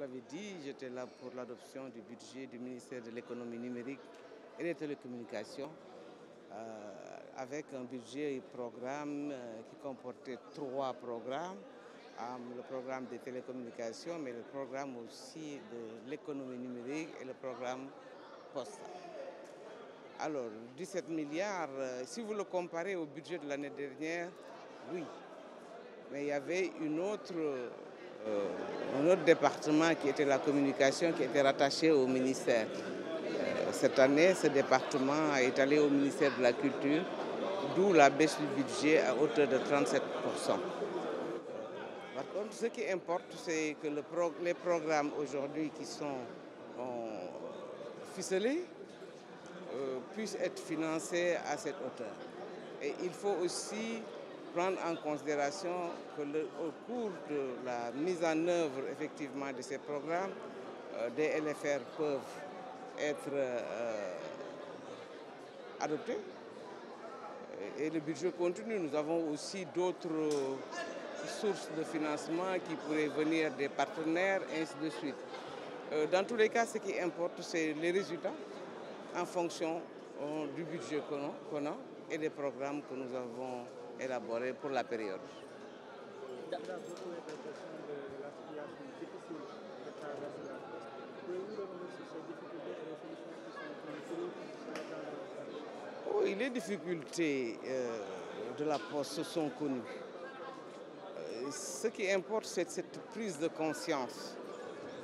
l'avez dit, j'étais là pour l'adoption du budget du ministère de l'économie numérique et des télécommunications, euh, avec un budget et programme euh, qui comportait trois programmes, le programme des télécommunications, mais le programme aussi de l'économie numérique et le programme postal. Alors, 17 milliards, euh, si vous le comparez au budget de l'année dernière, oui. Mais il y avait une autre euh, un autre département qui était la communication, qui était rattaché au ministère. Euh, cette année, ce département est allé au ministère de la Culture, d'où la baisse du budget à hauteur de 37 euh, Par contre, ce qui importe, c'est que les programmes aujourd'hui qui sont ficelés puissent être financés à cette hauteur. Et il faut aussi prendre en considération que au cours de la mise en œuvre effectivement de ces programmes, euh, des LFR peuvent être euh, adoptés et le budget continue. Nous avons aussi d'autres sources de financement qui pourraient venir des partenaires, ainsi de suite. Euh, dans tous les cas, ce qui importe, c'est les résultats en fonction du budget qu'on a et des programmes que nous avons élaboré pour eh, la période. Oui, oh, les difficultés euh, de la poste sont connues. Euh, ce qui importe, c'est cette prise de conscience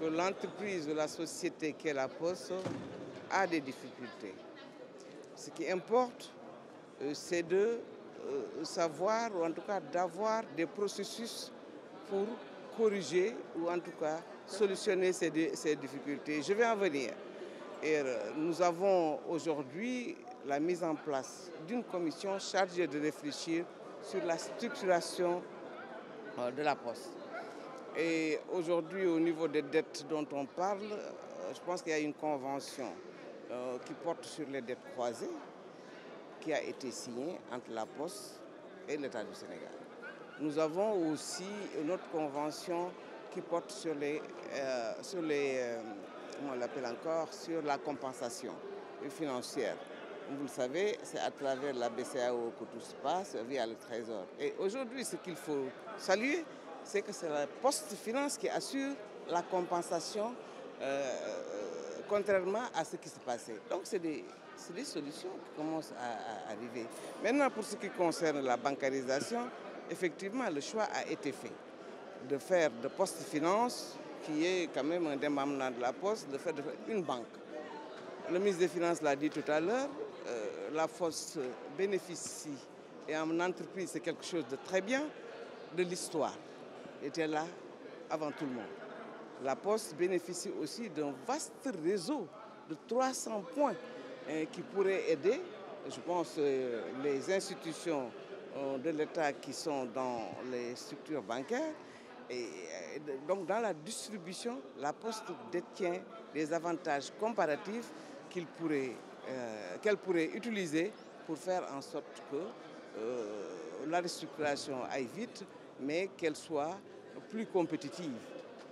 que l'entreprise ou la société est la poste a des difficultés. Ce qui importe, euh, c'est de euh, savoir, ou en tout cas d'avoir des processus pour corriger ou en tout cas solutionner ces, difficultés. Je vais en venir. Et euh, nous avons aujourd'hui la mise en place d'une commission chargée de réfléchir sur la structuration euh, de la poste. Et aujourd'hui, au niveau des dettes dont on parle, je pense qu'il y a une convention qui porte sur les dettes croisées qui a été signé entre la Poste et l'État du Sénégal. Nous avons aussi une autre convention qui porte sur les, euh, sur les euh, l'appelle encore, sur la compensation financière. Vous le savez, c'est à travers la BCAO que tout se passe via le Trésor. Et aujourd'hui, ce qu'il faut saluer, c'est que c'est la Poste Finance qui assure la compensation euh, contrairement à ce qui se passait. Donc c'est des, solutions qui commencent à, arriver. Maintenant, pour ce qui concerne la bancarisation, effectivement, le choix a été fait de faire de Poste Finance, qui est quand même un des démembrement de la Poste, de faire, une banque. Le ministre des Finances l'a dit tout à l'heure, euh, la Poste bénéficie et en entreprise, c'est quelque chose de très bien, de l'histoire. était là avant tout le monde. La Poste bénéficie aussi d'un vaste réseau de 300 points hein, qui pourraient aider, je pense, euh, les institutions euh, de l'État qui sont dans les structures bancaires. Et euh, donc dans la distribution, la Poste détient des avantages comparatifs qu'elle pourrait, pourrait utiliser pour faire en sorte que la restructuration aille vite, mais qu'elle soit plus compétitive.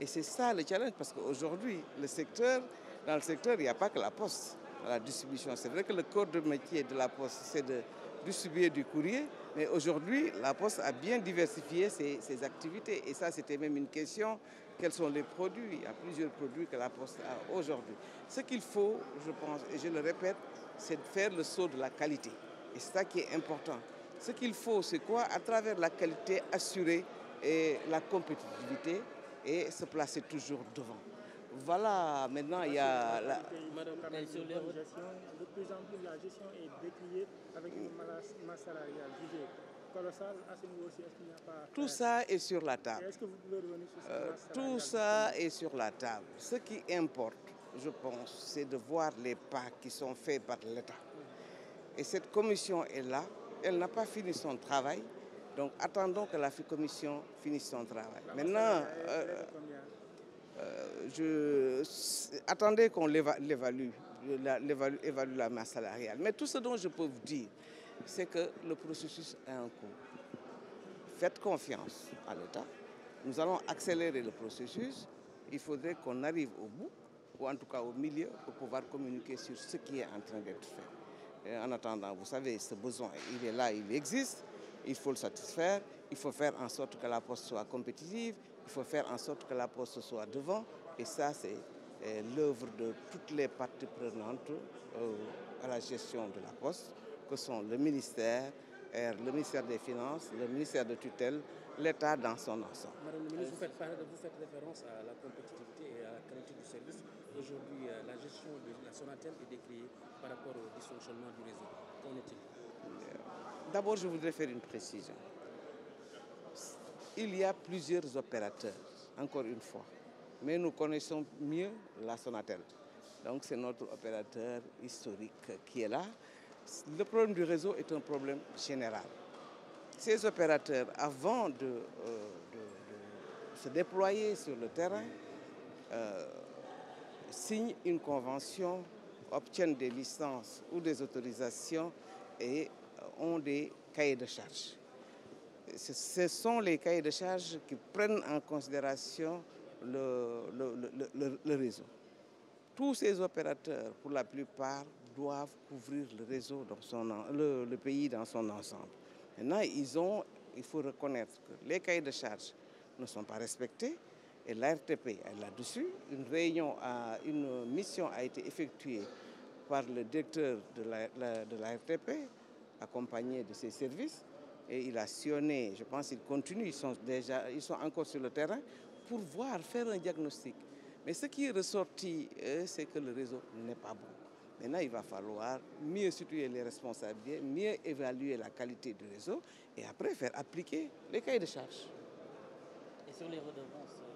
Et c'est ça le challenge, parce qu'aujourd'hui, le secteur, dans le secteur, il n'y a pas que la poste, la distribution. C'est vrai que le corps de métier de la poste, c'est de distribuer du courrier, mais aujourd'hui, la poste a bien diversifié ses, activités. Et ça, c'était même une question, quels sont les produits Il y a plusieurs produits que la poste a aujourd'hui. Ce qu'il faut, je pense, et je le répète, c'est de faire le saut de la qualité. Et c'est ça qui est important. Ce qu'il faut, c'est quoi À travers la qualité, assurée et la compétitivité et se placer toujours devant. Voilà, maintenant il y a... La... Madame, la de la gestion est décriée avec une masse salariale jugée colossale. À ce niveau est-ce qu'il n'y a pas... Tout ça est sur la table. Est-ce que vous pouvez revenir sur euh, Tout ça est sur la table. Ce qui importe, je pense, c'est de voir les pas qui sont faits par l'État. Et cette commission est là, elle n'a pas fini son travail. Donc attendons que la commission finisse son travail. Maintenant, euh, euh, je, attendez qu'on l'évalue, évalue, la masse salariale. Mais tout ce dont je peux vous dire, c'est que le processus est en cours. Faites confiance à l'État. Nous allons accélérer le processus. Il faudrait qu'on arrive au bout, ou en tout cas au milieu, pour pouvoir communiquer sur ce qui est en train d'être fait. en attendant, vous savez, ce besoin, il est là, il existe il faut le satisfaire, il faut faire en sorte que la poste soit compétitive, il faut faire en sorte que la poste soit devant. Et ça, c'est euh, l'œuvre de toutes les parties prenantes euh, à la gestion de la poste, que sont le ministère, euh, le ministère des Finances, le ministère de tutelle, l'État dans son ensemble. Madame la ministre, vous faites, vous faites, référence à la compétitivité et à la qualité du service. Aujourd'hui, la gestion de la Sonatelle est décriée par rapport au dysfonctionnement du réseau. Qu'en est-il D'abord, je voudrais faire une précision. Il y a plusieurs opérateurs, encore une fois, mais nous connaissons mieux la Sonatel. Donc c'est notre opérateur historique qui est là. Le problème du réseau est un problème général. Ces opérateurs, avant de, euh, se déployer sur le terrain, euh, signent une convention, obtiennent des licences ou des autorisations et ont des cahiers de charges. Ce sont les cahiers de charges qui prennent en considération le, réseau. Tous ces opérateurs, pour la plupart, doivent couvrir le réseau dans son, le, pays dans son ensemble. Maintenant, ils ont, il faut reconnaître que les cahiers de charges ne sont pas respectés et l'ARTP est là-dessus. Une mission a été effectuée par le directeur de la, de la accompagné de ses services. Et il a sionné, je pense qu'il continue, ils sont, déjà, ils sont encore sur le terrain pour voir, faire un diagnostic. Mais ce qui est ressorti, euh, c'est que le réseau n'est pas bon. Maintenant, il va falloir mieux situer les responsables, mieux évaluer la qualité du réseau et après faire appliquer les cahiers de charges. Et sur les redevances euh,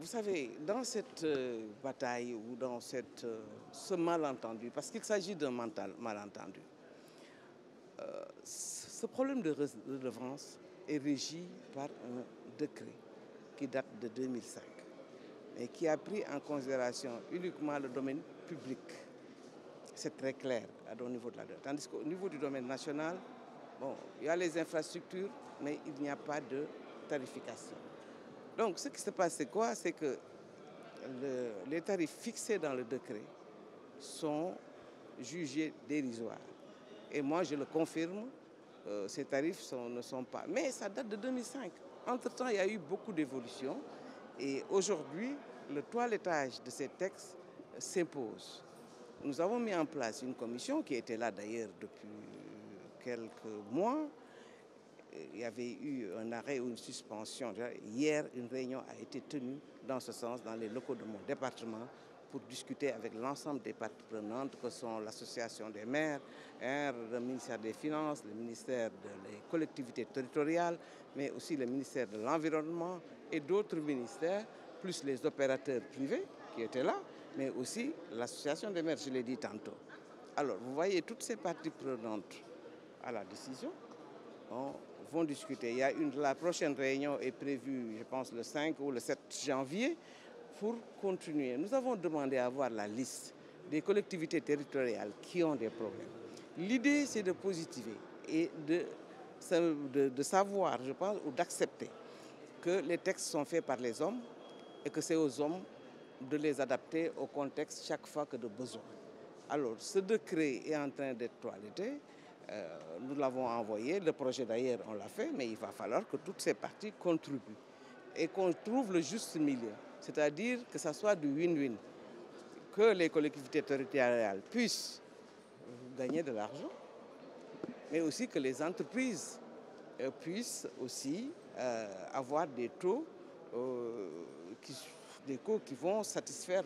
Vous savez, dans cette euh, bataille ou dans euh, ce malentendu, parce qu'il s'agit d'un mental malentendu, euh, ce problème de redevance est régi par un décret qui date de 2005 et qui a pris en considération uniquement le domaine public. C'est très clair au niveau de la dette. Tandis qu'au niveau du domaine national, bon, il y a les infrastructures, mais il n'y a pas de tarification. Donc ce qui se passe, c'est quoi C'est que les tarifs fixés dans le décret sont jugés dérisoires. Et moi, je le confirme, euh, ces tarifs ne sont pas. Mais ça date de 2005. Entre-temps, il y a eu beaucoup d'évolutions. Et aujourd'hui, le toilettage de ces textes s'impose. Nous avons mis en place une commission qui était là d'ailleurs depuis quelques mois, euh, il y avait eu un arrêt ou une suspension. Hier, une réunion a été tenue dans ce sens, dans les locaux de mon département, pour discuter avec l'ensemble des parties prenantes, que sont l'association des maires, hein, le ministère des Finances, le ministère des collectivités territoriales, mais aussi le ministère de l'Environnement et d'autres ministères, plus les opérateurs privés qui étaient là, mais aussi l'association des maires, je l'ai dit tantôt. Alors, vous voyez toutes ces parties prenantes à la décision, vont discuter. Il y a une, la prochaine réunion est prévue, je pense, le 5 ou le 7 janvier pour continuer. Nous avons demandé à avoir la liste des collectivités territoriales qui ont des problèmes. L'idée, c'est de positiver et de, de, savoir, je pense, ou d'accepter que les textes sont faits par les hommes et que c'est aux hommes de les adapter au contexte chaque fois que de besoin. Alors, ce décret est en train d'être toiletté. Euh, l'avons envoyé, le projet d'ailleurs on l'a fait, mais il va falloir que toutes ces parties contribuent et qu'on trouve le juste milieu, c'est-à-dire que ça soit du win-win, que les collectivités territoriales puissent gagner de l'argent, mais aussi que les entreprises euh, puissent aussi euh, avoir des taux, euh, qui, des qui vont satisfaire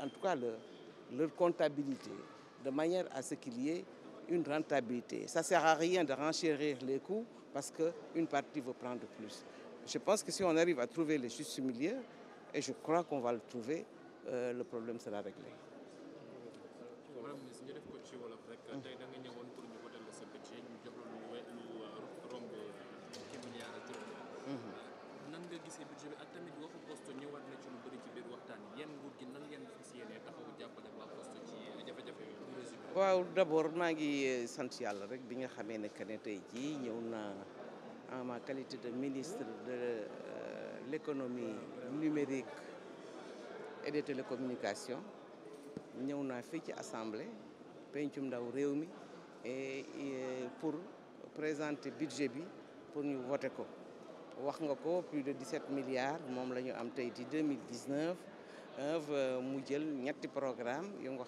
en tout cas leur comptabilité, de manière à ce qu'il y ait une rentabilité. Ça ne sert à rien de renchérir les coûts parce qu'une partie veut prendre plus. Je pense que si on arrive à trouver le juste milieu, et je crois qu'on va le trouver, euh, le problème sera réglé. Mmh waaw d'abord je euh, suis sant yàlla rek bi nga ne que en ma qualité de ministre de euh, l'économie numérique et des télécommunications nous avons fait ci assemblée ndaw euh, pour présenter le budget pour nous voter ko wax plus de 17 milliards nous avons am 2019 mu jël ñetti programme yu nga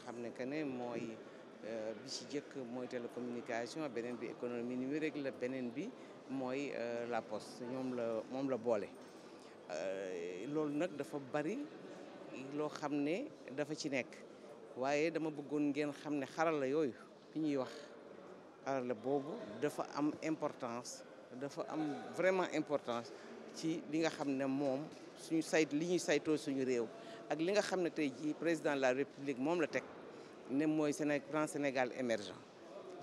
euh, bi ci jëkk mooy télécommunication beneen bi économie numérique la beneen bi mooy euh, la poste ñoom la moom la boole euh, loolu nag dafa bari loo xam ne dafa ci nekk waaye dama bëggoon ngeen xam ne xarala yooyu bi ñuy wax xarala boobu dafa am importance dafa am vraiment importance ci li nga xam ne moom suñu sayt li ñuy saytoo suñu réew ak li nga xam ne tey jii président de la république moom la teg ne moy sénégal plan Sénégal émergent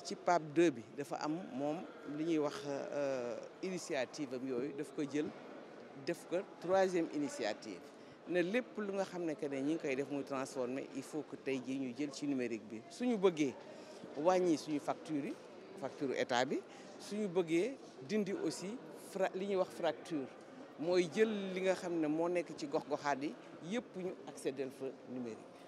ci PAP 2 bi dafa am mom liñuy ñuy wax euh, initiative am yooyu daf ko jël def ko troisième initiative ne lepp lu nga xamné que né ñi ngi koy def moy transformer il faut que tay ji ñu jël ci numérique bi suñu bëggé wañi suñu facture facture état bi suñu bëggé dindi aussi liñuy wax fracture moy jël li nga xamné mo moo nekk ci gox-goxaat yi yépp ñu accéder fa numérique.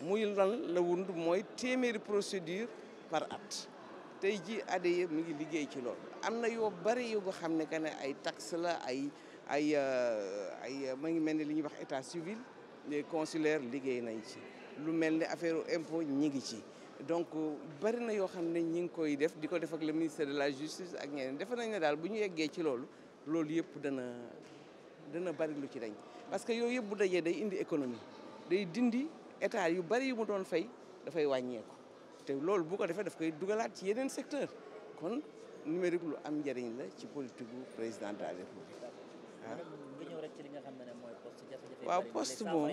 muy lan la wund mooy téeméeri procédure par at tey ji ADIE mi ngi liggéey ci loolu am na yoo bari yu nga xam ne que ne ay taxe la ay ay euh, ay euh, ma ngi mel ni li ñuy wax état civil les consulaires liggéey nañ ci lu mel ni affaire impôt ñi ngi ci donc euh, bari na yoo xam ne ñi ngi koy def di ko def ak le ministère de la justice ak ñeneen defe nañ ne daal bu ñu yeggee ci loolu loolu yëpp dana dana bari lu ci dañ parce que yooyu yëpp bu dajee day indi économie day dindi état yu bari yu mu doon fay dafay wàññeeku te loolu bu ko defee daf koy dugalaat ci yeneen secteur kon numérique lu am njëriñ la ci politique bu président de la république ah. waaw waaw moom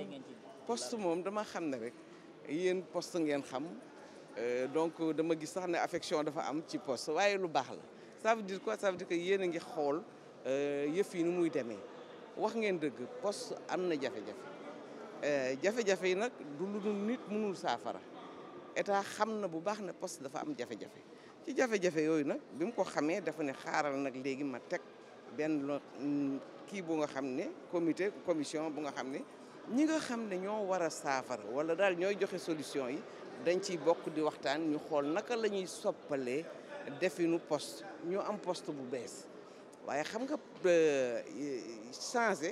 poste moom dama xam ne rek yéen post ngeen xam euh, donc dama gis sax ne affection dafa am ci poste waaye lu baax la ça veut dire quoi ça veut dire que yéen a ngi xool euh, yëf yi nu muy demee wax ngeen dëgg post am na jafe-jafe Eh, jafe-jafe yi nag du lu nit mënul saafara état xam na bu baax ne poste dafa am jafe-jafe ci jafe-jafe yooyu nag bi mu ko xamee dafa ne xaaral nag léegi ma teg benn lo kii bu nga xam ne comité commission bu nga xam ne ñi nga xam ne ñoo war a saafara wala daal ñooy joxe solution yi dañ ciy bokk di waxtaan ñu xool naka la ñuy soppalee definu poste ñu am poste bu bees waaye xam nga euh, changé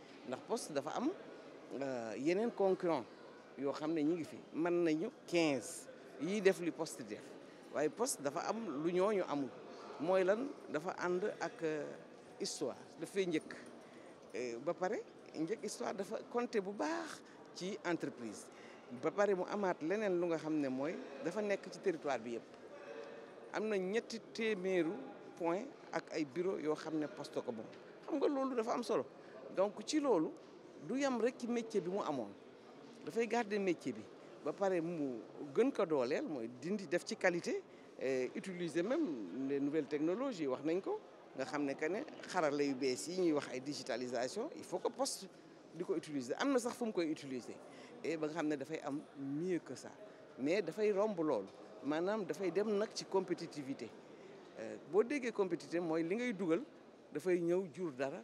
ndax poste dafa am euh, yeneen concurrent yoo xam ne ñu ngi fi mën nañu 15 yii def li poste def waaye poste dafa am lu ñooñu amul mooy lan dafa ànd ak euh, histoire dafay njëkk euh, ba pare njëkk histoire dafa compter bu baax ci entreprise ba pare mu amaat leneen lu nga xam ne mooy dafa nekk ci territoire bi yëpp am na ñetti téeméeru point ak ay bureau yoo xam ne post ko moom xam nga loolu dafa am solo donc ci loolu du yem rek ci métier bi mu amoon dafay garder métier bi ba pare mu gën ko dooleel mooy dindi def ci qualité et utiliser même les nouvelles technologies wax nañ ko nga xam ne que ne xarala yu bees yi ñuy wax ay digitalisation il faut que poste di ko utiliser am na sax fu koy utiliser et ba nga xam ne dafay am mieux que ça mais dafay romb loolu maanaam dafay dem nag ci compétitivité euh, boo déggee compétitivité mooy li ngay dugal dafay ñëw jur dara